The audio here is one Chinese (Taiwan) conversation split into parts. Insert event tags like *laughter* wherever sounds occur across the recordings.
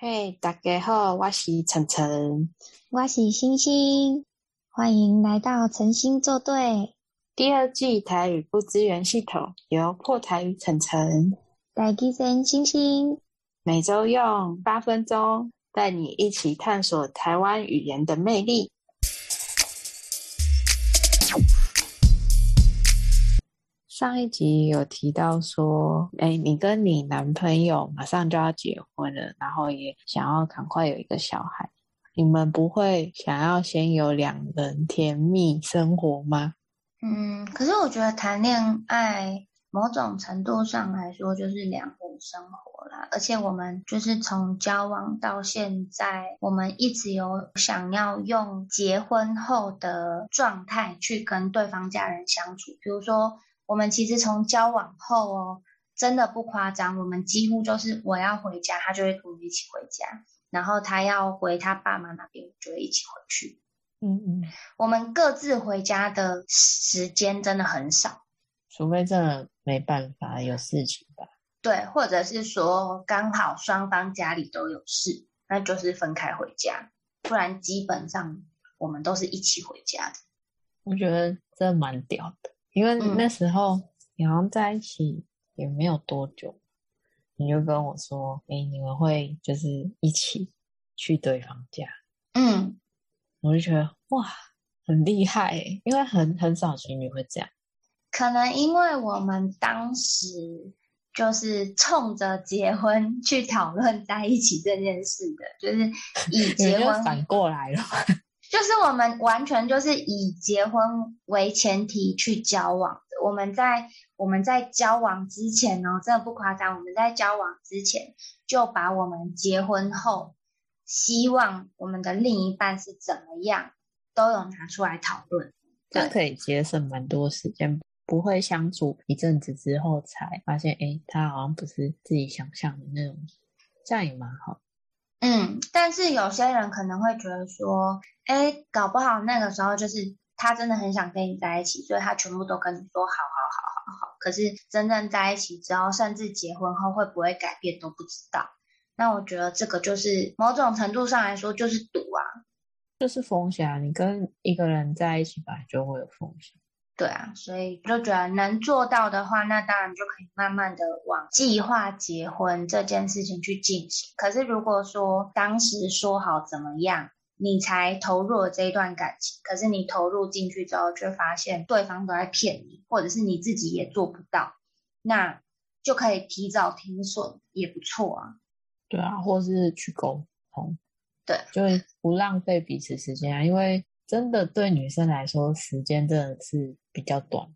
嘿、hey，大家好，我是岑岑，我是芯芯，歡迎來到岑芯作對第二季台語不支援系統，由破台語岑岑帶給你芯芯，每週用八分鐘帶你一起探索台灣語言的魅力。上一集有提到說，欸，你跟你男朋友馬上就要結婚了，然後也想要趕快有一個小孩，你們不會想要先有兩人甜蜜生活嗎？嗯，可是我覺得談戀愛某種程度上來說就是兩人生活啦，而且我們就是從交往到現在，我們一直有想要用結婚後的狀態去跟對方家人相處，比如說。我們其實從交往後哦，真的不誇張，我們幾乎就是我要回家，他就會跟我一起回家；然後他要回他爸媽那邊，就會一起回去。嗯嗯，我們各自回家的時間真的很少，除非真的沒辦法有事情吧？對，或者是說剛好雙方家裡都有事，那就是分開回家，不然基本上我們都是一起回家的。我覺得這蠻屌的。因為那時候你、嗯、好像在一起也沒有多久，你就跟我說：“哎、欸，你們會就是一起去對方家？”嗯，我就覺得哇，很厲害、欸，因為很很少情侶會這樣。可能因為我們當時就是衝着結婚去討論在一起這件事的，就是已經反 *laughs* 過來了。就是我們完全就是以結婚為前提去交往。我們在我們在交往之前呢、哦，真的不誇張，我們在交往之前就把我們結婚後希望我們的另一半是怎麼樣，都有拿出來討論。這可以節省蠻多時間，不會相處一陣子之後才發現，誒，他好像不是自己想象的那種，這樣也蠻好。嗯，但是有些人可能會覺得說，哎，搞不好那個時候就是他真的很想跟你在一起，所以他全部都跟你說好好好好好。可是真正在一起之後，只要甚至結婚後會不會改變都不知道。那我覺得這個就是某種程度上來說就是賭啊，就是風險啊，你跟一個人在一起本來，就會有風險。對啊，所以就覺得能做到的話，那當然就可以慢慢的往計劃結婚這件事情去進行。可是如果說當時說好怎麼樣，你才投入了這一段感情，可是你投入進去之後，卻發現對方都在騙你，或者是你自己也做不到，那就可以提早停手，也不錯啊。對啊，或是去溝通，對，就是不浪費彼此時間啊，因為。真的對女生來說，時間真的是比較短。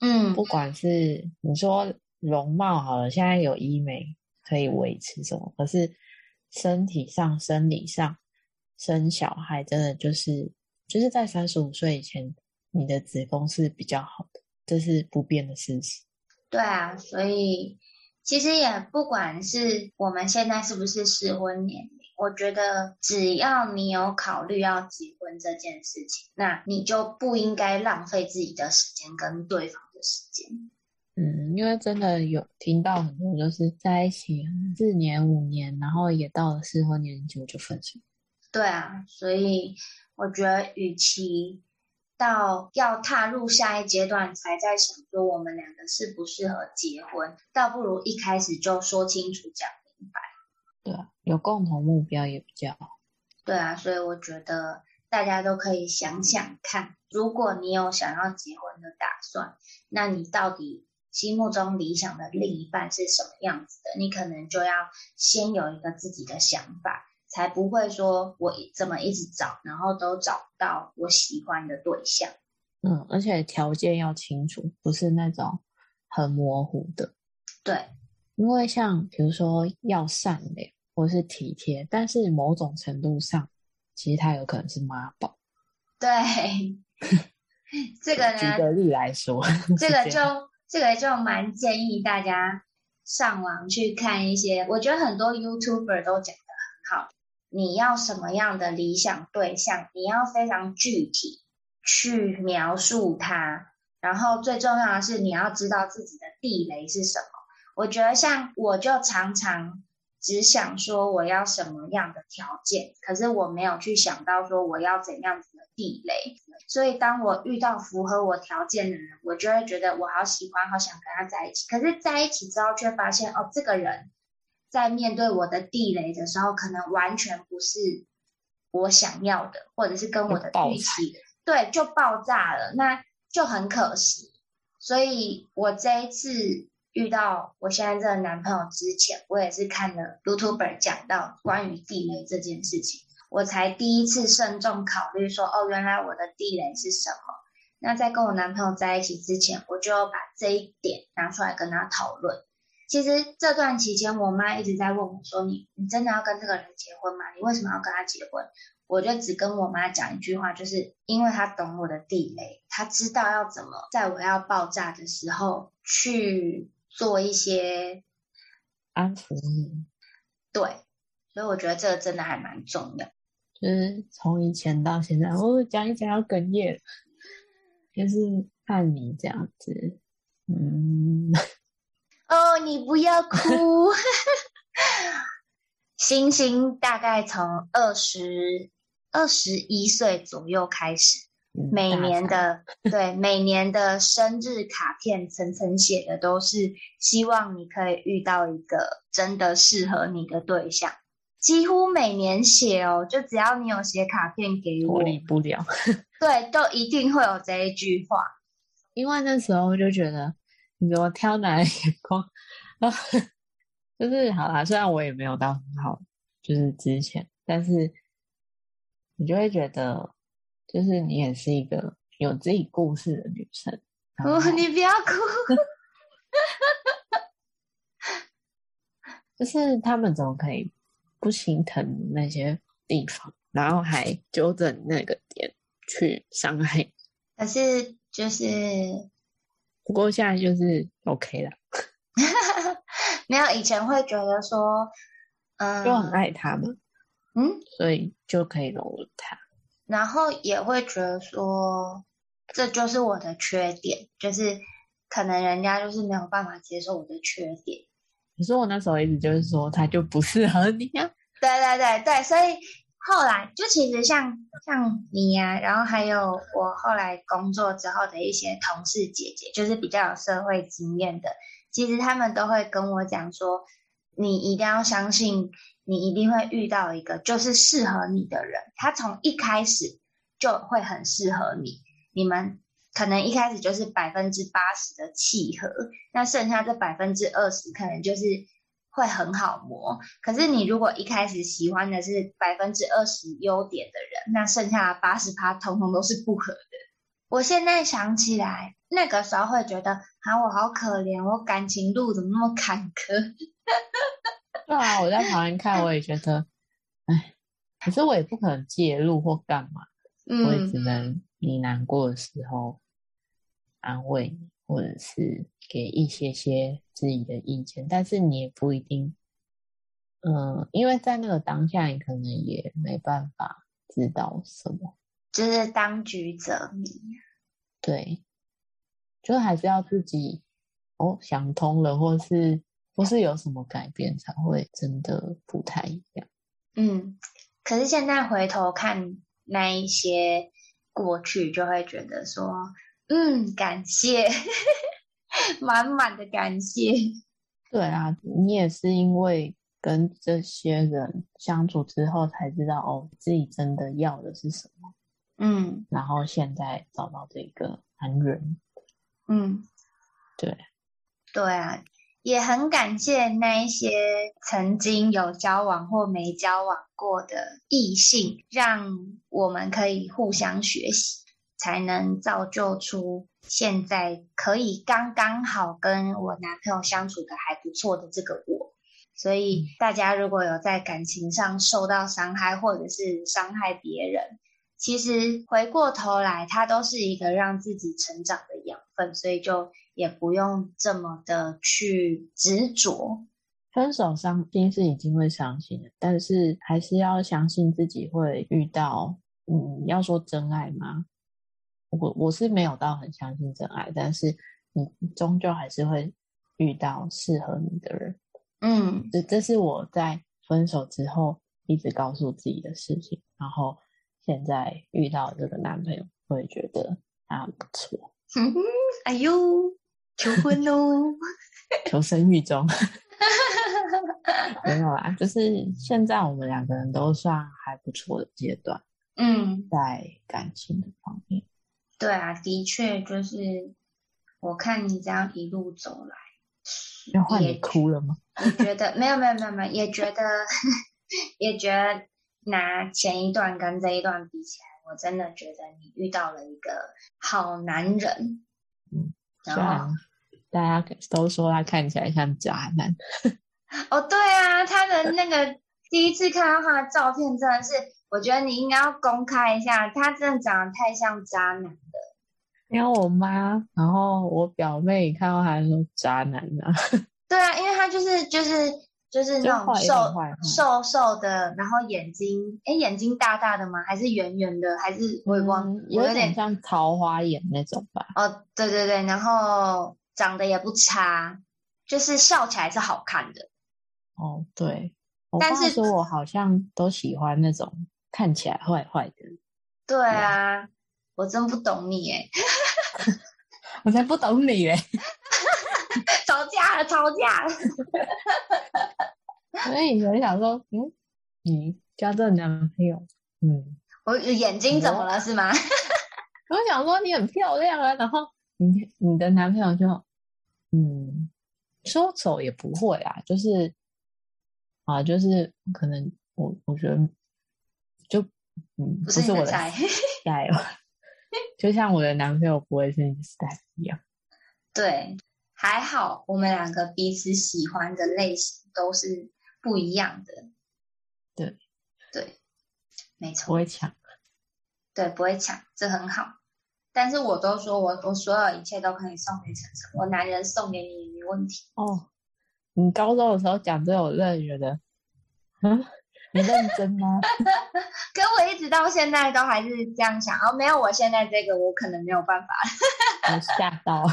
嗯，不管是你說容貌好了，現在有醫美可以維持什麼，可是身體上、生理上生小孩，真的就是就是在三十五歲以前，你的子宮是比較好的，這是不變的事實。對啊，所以。其實也不管是我們現在是不是適婚年齡，我覺得只要你有考慮要結婚這件事情，那你就不應該浪費自己的時間跟對方的時間。嗯，因為真的有聽到很多就是在一起四年五年，然後也到了適婚年齡就就分手。對啊，所以我覺得，與其……到要踏入下一階段，才在想說我們兩個適不適合結婚，倒不如一開始就說清楚講明白。對，有共同目標也比較好。對啊，所以我覺得大家都可以想想看，如果你有想要結婚的打算，那你到底心目中理想的另一半是什麼樣子的？你可能就要先有一個自己的想法。才不會說我怎麼一直找，然後都找不到我喜歡的對象。嗯，而且條件要清楚，不是那種很模糊的。對，因為像比如說要善良或是體貼，但是某種程度上，其實他有可能是媽寶。對， *laughs* 這個呢？舉個例來說，這個就這個就蠻建議大家上網去看一些，嗯、我覺得很多 YouTuber 都講得很好。你要什麼樣的理想對象？你要非常具體去描述他，然後最重要的是你要知道自己的地雷是什麼。我覺得像我就常常只想說我要什麼樣的條件，可是我沒有去想到說我要怎樣子的地雷。所以當我遇到符合我條件的人，我就會覺得我好喜歡，好想跟他在一起。可是在一起之後，卻發現哦，這個人。在面對我的地雷的時候，可能完全不是我想要的，或者是跟我的預西期，對，就爆炸了，那就很可惜。所以我這一次遇到我現在這個男朋友之前，我也是看了 YouTube 講到關於地雷這件事情，我才第一次慎重考慮說，哦，原來我的地雷是什麼。那在跟我男朋友在一起之前，我就要把這一點拿出來跟他討論。其實這段期間，我媽一直在問我：說，你你真的要跟這個人結婚嗎？你為什麼要跟他結婚？我就只跟我媽講一句話，就是因為他懂我的地雷，他知道要怎麼在我要爆炸的時候去做一些安撫你。對，所以我覺得這個真的還蠻重要。就是從以前到現在，我講一講要哽咽，就是看你這樣子，嗯。哦，你不要哭。 *laughs* *laughs* 星星大概從二十二十一歲左右開始，每年的、嗯、 *laughs* 對，每年的生日卡片，層層寫的都是希望你可以遇到一個真的適合你的對象，幾乎每年寫哦，就只要你有寫卡片給我，脫離不了。 *laughs* 對，都一定會有這一句話，因為那時候我就覺得。你怎麼挑男的眼光？ *laughs* 就是好啦，雖然我也沒有到很好，就是之前，但是你就會覺得，就是你也是一個有自己故事的女生。哦，你不要哭， *laughs* 就是他們怎麼可以不心疼那些地方，然後還揪著那個點去傷害？可是就是。不過現在就是 OK 了， *laughs* 沒有以前會覺得說，嗯，就很愛他嘛，嗯，所以就可以容忍他。然後也會覺得說，這就是我的缺點，就是可能人家就是沒有辦法接受我的缺點。可是我那時候一直就是說，他就不適合你呀、啊， *laughs* 對對對對，所以。後來就其實像像你呀、啊，然後還有我後來工作之後的一些同事姐姐，就是比較有社會經驗的，其實他們都會跟我講說，你一定要相信，你一定會遇到一個就是適合你的人，他從一開始就會很適合你，你們可能一開始就是百分之八十的契合，那剩下這百分之二十可能就是。會很好磨，可是你如果一開始喜歡的是百分之二十優點的人，那剩下的八十趴通通都是不可的。我現在想起來，那個時候會覺得，啊，我好可憐，我感情路怎麼那麼坎坷？對 *laughs* 啊，我在旁邊看，我也覺得，哎，可是我也不可能介入或幹嘛，嗯、我也只能你難過的時候安慰你。或者是給一些些自己的意見，但是你也不一定，嗯、呃，因為在那個當下，你可能也沒辦法知道什麼，就是當局者迷。對，就還是要自己，哦，想通了，或是或是有什麼改變，才會真的不太一樣。嗯，可是現在回頭看那一些過去，就會覺得說。嗯，感謝， *laughs* 滿滿的感謝。對啊，你也是因為跟這些人相處之後，才知道哦，自己真的要的是什麼。嗯，然後現在找到這個男人。嗯，對，對啊，也很感謝那一些曾經有交往或沒交往過的異性，讓我們可以互相學習。才能造就出現在可以剛剛好跟我男朋友相處的還不錯的這個我，所以大家如果有在感情上受到傷害或者是傷害別人，其實回過頭來，它都是一個讓自己成長的養分，所以就也不用這麼的去執着。分手傷心是已經會傷心的，但是還是要相信自己會遇到。嗯，要說真愛嗎？我我是沒有到很相信真愛，但是你，你終究還是會遇到適合你的人，嗯，這這是我在分手之後一直告訴自己的事情，然後現在遇到這個男朋友，會覺得啊不錯。哼哎呦，求婚嘍！ *laughs* 求生欲中， *laughs* *laughs* *laughs* *laughs* 沒有啦，就是現在我們兩個人都算還不錯的階段，嗯，在感情的方面。對啊，的確就是，我看你這樣一路走來，要換你哭了嗎？我覺得沒有， *laughs* 沒有，沒有，沒有，也覺得， *laughs* 也覺得，拿前一段跟這一段比起來，我真的覺得你遇到了一個好男人。嗯，是啊，然後大家都說他看起來像渣男。哦，對啊，他的那個第一次看到他的照片，真的是。我覺得你應該要公開一下，他真的長得太像渣男了。因為我媽，然後我表妹也看到他說渣男了、啊。 *laughs* 對啊，因為他就是就是就是那種瘦壞壞壞瘦瘦的，然後眼睛哎，眼睛大大的嗎？還是圓圓的？還是微光、嗯？有點像桃花眼那種吧。哦，對對對，然後長得也不差，就是笑起來是好看的。哦，對，但是說我好像都喜歡那種。看起來壞壞的對、啊，對啊，我真不懂你哎、欸， *laughs* 我才不懂你哎、欸， *laughs* 吵架了，吵架了， *laughs* 所以我想說，嗯，你家這男朋友，嗯，我眼睛怎麼了是嗎？ *laughs* 我想說你很漂亮啊，然後你你的男朋友就，嗯，說醜也不會啊，就是，啊，就是可能我我覺得。嗯，不是我的是 *laughs* *laughs* 就像我的男朋友不會是你 style 一樣。啊，對，還好我們兩個彼此喜歡的類型都是不一樣的。對，對，沒錯。不會搶。對，不會搶，這很好。但是我都說我我所有一切都可以送給陳，我男人送給你沒問題。哦，你高中的時候講這種熱血的，嗯。你認真嗎？可 *laughs* 我一直到現在都還是這樣想啊、哦，沒有我現在這個，我可能沒有辦法了。我 *laughs* 嚇、哦、嚇到，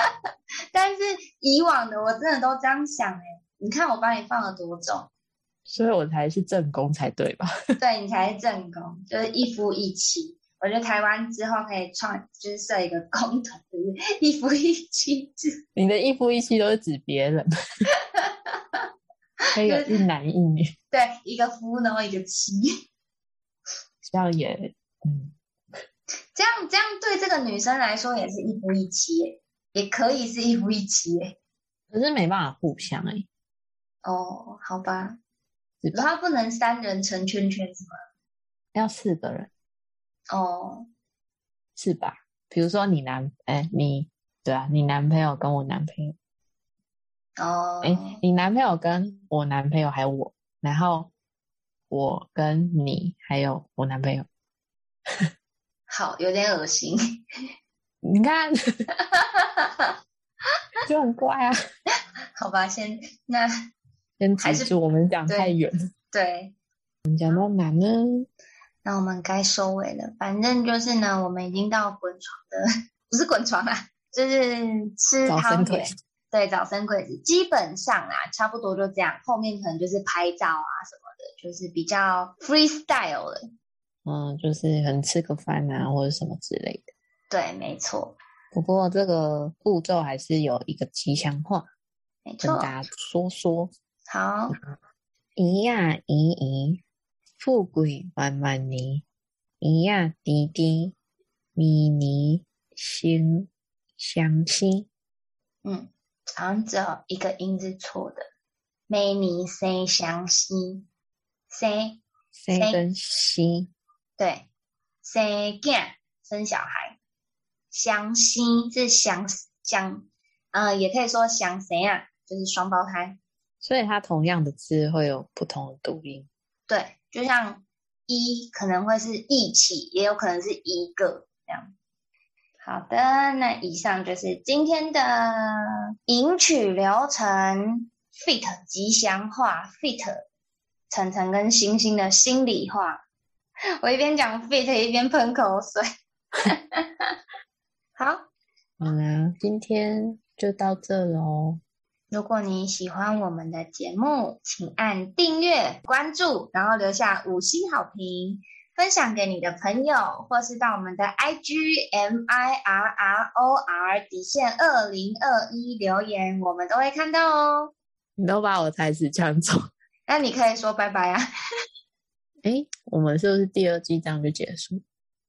*laughs* 但是以往的我真的都這樣想哎，你看我幫你放了多重，所以我才是正宮才對吧？ *laughs* 對，你才是正宮，就是一夫一妻。我覺得台灣之後可以創，就是設一個公投，就是一夫一妻制。 *laughs* 你的一夫一妻都是指別人， *laughs* 可以有一男一女。 *laughs* 對，一個夫呢，然後一個妻，這樣也，嗯，這樣這樣對這個女生來說也是一夫一妻、欸，也可以是一夫一妻、欸，可是沒辦法互相、欸，哦，好吧，他不，不能三人成圈圈是嗎？要四個人，哦，是吧？比如說你男，哎，你對啊，你男朋友跟我男朋友，哦，誒你男朋友跟我男朋友還有我。然後，我跟你還有我男朋友， *laughs* 好有點噁心，你看， *laughs* 就很怪啊。 *laughs* 好吧，先那先還是我們講太遠，對，講到哪呢、嗯？那我們該收尾了。反正就是呢，我們已經到滾床了，不是滾床啊，就是吃湯圓對，早生貴子，基本上啊，差不多就這樣。後面可能就是拍照啊什麼的，就是比較 freestyle 了。嗯，就是很吃個飯啊或者什麼之類的。對，沒錯。不過這個步驟還是有一個吉祥話，沒錯。大家說說。好。一樣一一，富貴滿滿你。一樣滴滴，迷你，心相惜。嗯。嗯好像只有一個音是錯的，many y 生雙生，生生生，對，s a y g 生仔生小孩，雙生是相，雙，呃，也可以說相，誰啊，就是雙胞胎。所以它同樣的字會有不同的讀音。對，就像一可能會是一起，也有可能是一個這樣。好的，那以上就是今天的迎娶流程 *music* ，fit 吉祥話，fit 岑岑跟芯芯的心裡話。 *laughs* 我一邊講 fit 一邊噴口水， *laughs* *laughs* 好。好啦，今天就到這咯。如果你喜歡我們的節目，請按訂閱、關注，然後留下五星好評。分享給你的朋友，或是到我們的 I G M I R R O R 底線二零二一留言，我們都會看到哦。你都把我台詞搶走，那你可以說拜拜啊。哎 *laughs* 、欸，我們是不是第二季這樣就結束？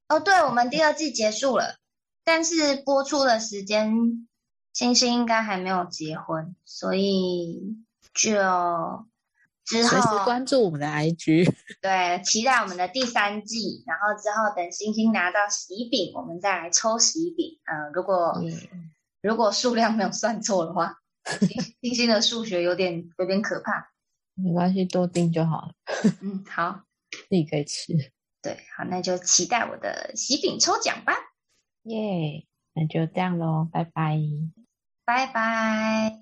哦，對，我們第二季結束了，嗯、但是播出的時間，星星應該還沒有結婚，所以就。隨時關注我們的 IG，對，期待我們的第三季，然後之後等星星拿到喜餅，我們再來抽喜餅。嗯，如果、yeah. 如果數量沒有算錯的話， *laughs* 星星的數學有點有點可怕。沒關係，多訂就好了。嗯，好，自己可以吃。對，好，那就期待我的喜餅抽獎吧。耶、yeah，那就這樣嘍，拜拜。拜拜。